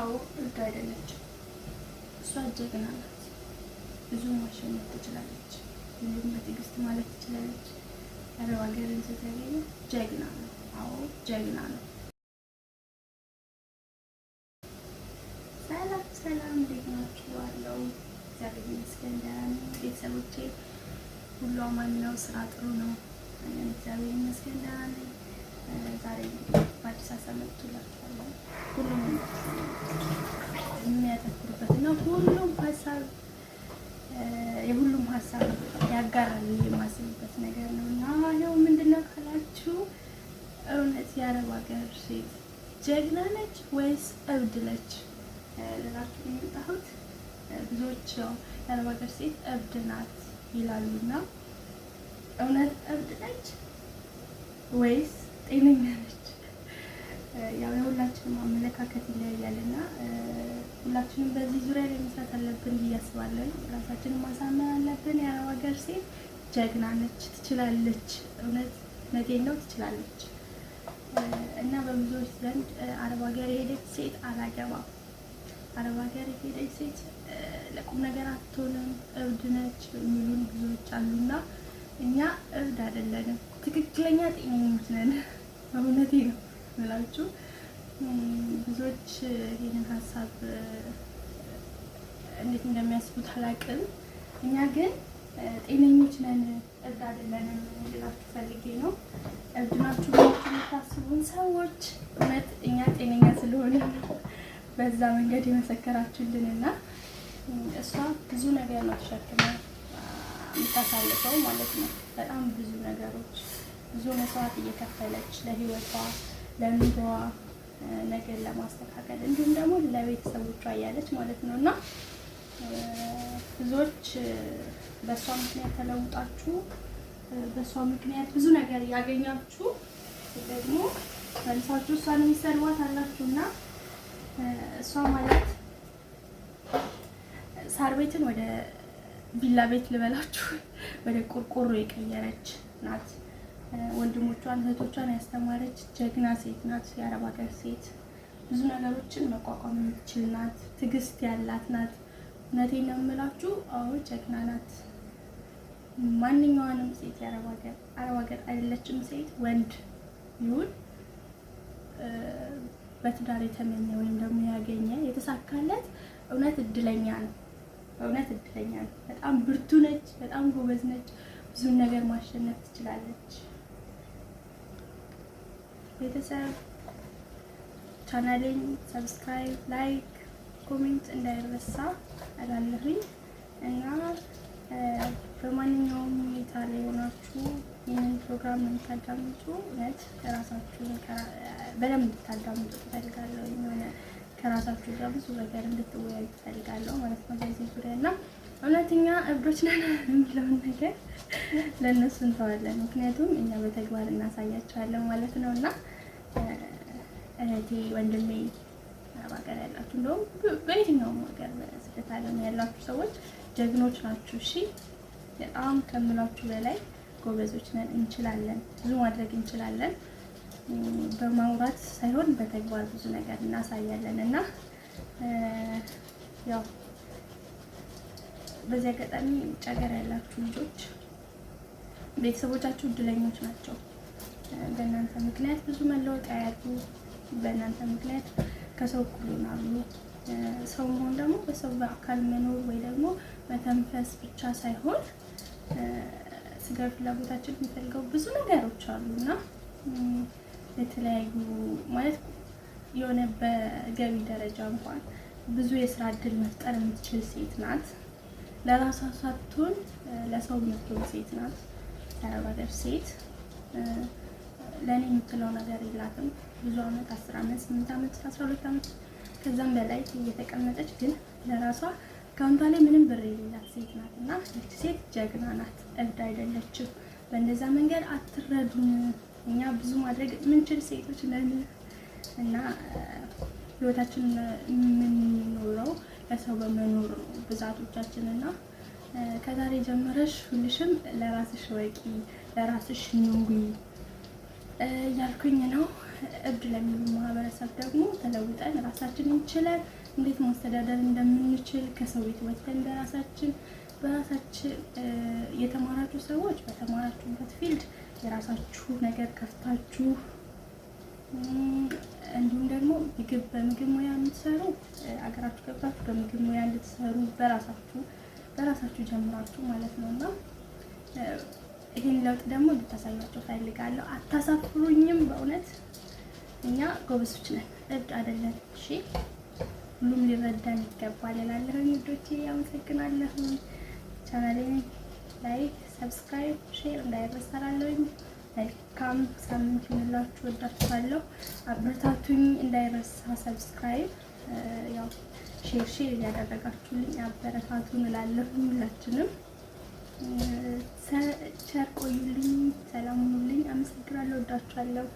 አዎ እብድ አይደለችም። እሷ ጀግና ናት። ብዙ ማሸነፍ ትችላለች። ሁሉም በትዕግስት ማለት ትችላለች። አረብ ሀገርን ስትገኝ ጀግና ነው። አዎ ጀግና ነው። ሰላም ሰላም፣ እንዴት ናችሁ? አለው እግዚአብሔር ይመስገን ደህና ነኝ። ቤተሰቦቼ ሁሉ አማን ነው። ስራ ጥሩ ነው። እኔም እግዚአብሔር ይመስገን ደህና ነኝ። ዛሬ በአዲስ አበባ መጥቶላችኋለሁ ሁሉም የሁሉም ሀሳብ የሁሉም ሀሳብ ያጋራል የማስብበት ነገር ነው እና ያው ምንድነው ካላችሁ እውነት የአረብ ሀገር ሴት ጀግና ነች ወይስ እብድ ነች ልላችሁ የመጣሁት ብዙዎች ያው የአረብ ሀገር ሴት እብድ ናት ይላሉና እውነት እብድ ነች ወይስ ጤነኛ ነች? ያው የሁላችንም አመለካከት ይለያያል እና ሁላችንም በዚህ ዙሪያ ላይ መስራት አለብን ብዬ አስባለሁ። ራሳችንን ማሳመን አለብን። የአረብ ሀገር ሴት ጀግና ነች፣ ትችላለች። እውነት ነቴን ነው ትችላለች። እና በብዙዎች ዘንድ አረብ ሀገር የሄደች ሴት አላገባም፣ አረብ ሀገር የሄደች ሴት ለቁም ነገር አትሆንም፣ እብድ ነች የሚሉን ብዙዎች አሉና እኛ እብድ አይደለንም፣ ትክክለኛ ጤነኞች ነን። እውነቴ ነው። ምላችሁ ብዙዎች ይህንን ሀሳብ እንዴት እንደሚያስቡት አላውቅም። እኛ ግን ጤነኞች ነን፣ እብድ አይደለንም ልላችሁ ፈልጌ ነው። እብድ ናችሁ የምታስቡን ሰዎች እውነት እኛ ጤነኛ ስለሆነ በዛ መንገድ የመሰከራችሁልን እና እሷ ብዙ ነገር ነው ተሸክመ የምታሳልፈው ማለት ነው። በጣም ብዙ ነገሮች ብዙ መስዋዕት እየከፈለች ለህይወቷ ለኑሯ ነገር ለማስተካከል እንዲሁም ደግሞ ለቤተሰቦቿ እያለች ማለት ነው እና ብዙዎች በእሷ ምክንያት ተለውጣችሁ በእሷ ምክንያት ብዙ ነገር ያገኛችሁ ደግሞ መልሳችሁ እሷን የሚሰልዋት አላችሁ እና እሷ ማለት ሳር ቤትን ወደ ቪላ ቤት ልበላችሁ ወደ ቆርቆሮ የቀየረች ናት። ወንድሞቿን እህቶቿን ያስተማረች ጀግና ሴት ናት። የአረብ ሀገር ሴት ብዙ ነገሮችን መቋቋም የምትችል ናት። ትዕግስት ያላት ናት። እውነቴን ነው የምላችሁ። አዎ ጀግና ናት። ማንኛዋንም ሴት የአረብ ሀገር አረብ ሀገር አይደለችም ሴት ወንድ ይሁን በትዳር የተመኘ ወይም ደግሞ ያገኘ የተሳካለት እውነት እድለኛ ነው። በእውነት እድለኛ ነው። በጣም ብርቱ ነች። በጣም ጎበዝ ነች። ብዙን ነገር ማሸነፍ ትችላለች። ቤተሰብ ቻናሌን ሰብስክራይብ፣ ላይክ፣ ኮሜንት እንዳይረሳ እላለሁኝ እና በማንኛውም ሁኔታ ላይ ሆናችሁ ይህንን ፕሮግራም የምታዳምጡ እውነት ራሳችሁን በደንብ እንድታዳምጡ ትፈልጋለሁ። የሆነ ከራሳችሁ ጋር ብዙ ነገር እንድትወያዩ ትፈልጋለሁ ማለት ነው በዚህ ዙሪያ እና እውነተኛ እብዶች ነን የሚለውን ነገር ለእነሱ እንተዋለን። ምክንያቱም እኛ በተግባር እናሳያቸዋለን ማለት ነው። እና እህቴ ወንድሜ ሀገር ያላችሁ እንደውም በየትኛውም ሀገር ስደት ዓለም ያላችሁ ሰዎች ጀግኖች ናችሁ። እሺ በጣም ከምላችሁ በላይ ጎበዞች ነን፣ እንችላለን፣ ብዙ ማድረግ እንችላለን። በማውራት ሳይሆን በተግባር ብዙ ነገር እናሳያለን እና ያው በዚህ አጋጣሚ ውጭ ሀገር ያላችሁ ልጆች ቤተሰቦቻችሁ እድለኞች ናቸው። በእናንተ ምክንያት ብዙ መለወጥ ያያሉ። በእናንተ ምክንያት ከሰው እኩል ይሆናሉ። ሰው መሆን ደግሞ በሰው በአካል መኖር ወይ ደግሞ መተንፈስ ብቻ ሳይሆን ስጋ ፍላጎታችን የሚፈልገው ብዙ ነገሮች አሉ እና የተለያዩ ማለት የሆነ በገቢ ደረጃ እንኳን ብዙ የስራ እድል መፍጠር የምትችል ሴት ናት። ለራሷ ሳትሆን ለሰው የምትሆን ሴት ናት። የአረብ ሀገር ሴት ለእኔ የምትለው ነገር የላትም። ብዙ ዓመት አስር ዓመት ስምንት ዓመት አስራ ሁለት ዓመት ከዛም በላይ እየተቀመጠች ግን ለራሷ ከአንዷ ላይ ምንም ብር የሌላት ሴት ናት እና ይች ሴት ጀግና ናት። እብድ አይደለችም። በእንደዛ መንገድ አትረዱን እኛ ብዙ ማድረግ ምንችል ሴቶች ነን እና ህይወታችን የምንኖረው በሰው በመኖር ነው ብዛቶቻችን እና ከዛሬ ጀምረሽ ሁልሽም ለራስሽ ወቂ፣ ለራስሽ ኑሪ እያልኩኝ ነው። እብድ ለሚሉ ማህበረሰብ ደግሞ ተለውጠን ራሳችን እንችለን እንዴት ማስተዳደር እንደምንችል ከሰው ቤት ወጥተን በራሳችን በራሳችን የተማራችሁ ሰዎች በተማራችሁበት ፊልድ የራሳችሁ ነገር ከፍታችሁ እንዲሁም ምግብ በምግብ ሙያ የምትሰሩ አገራችሁ ገብታችሁ በምግብ ሙያ እንድትሰሩ በራሳችሁ በራሳችሁ ጀምራችሁ ማለት ነው እና ይህን ለውጥ ደግሞ እንድታሳያቸው ፈልጋለሁ። አታሳፍሩኝም። በእውነት እኛ ጎበሶች ነን፣ እብድ አይደለን። እሺ ሁሉም ሊረዳን ይገባል እላለሁ። ውዶቼ አመሰግናለሁ። ቻናሌን ላይክ፣ ሰብስክራይብ፣ ሼር መልካም ሳምንት ይሁንላችሁ። ወዳችኋለሁ። አበረታቱኝ እንዳይረሳ ሰብስክራይብ፣ ያው ሼር ሼር እያደረጋችሁልኝ አበረታቱን እላለሁ። ሁላችንም ቸር ቆዩልኝ። ሰላም ሁኑልኝ። አመሰግናለሁ። ወዳችኋለሁ።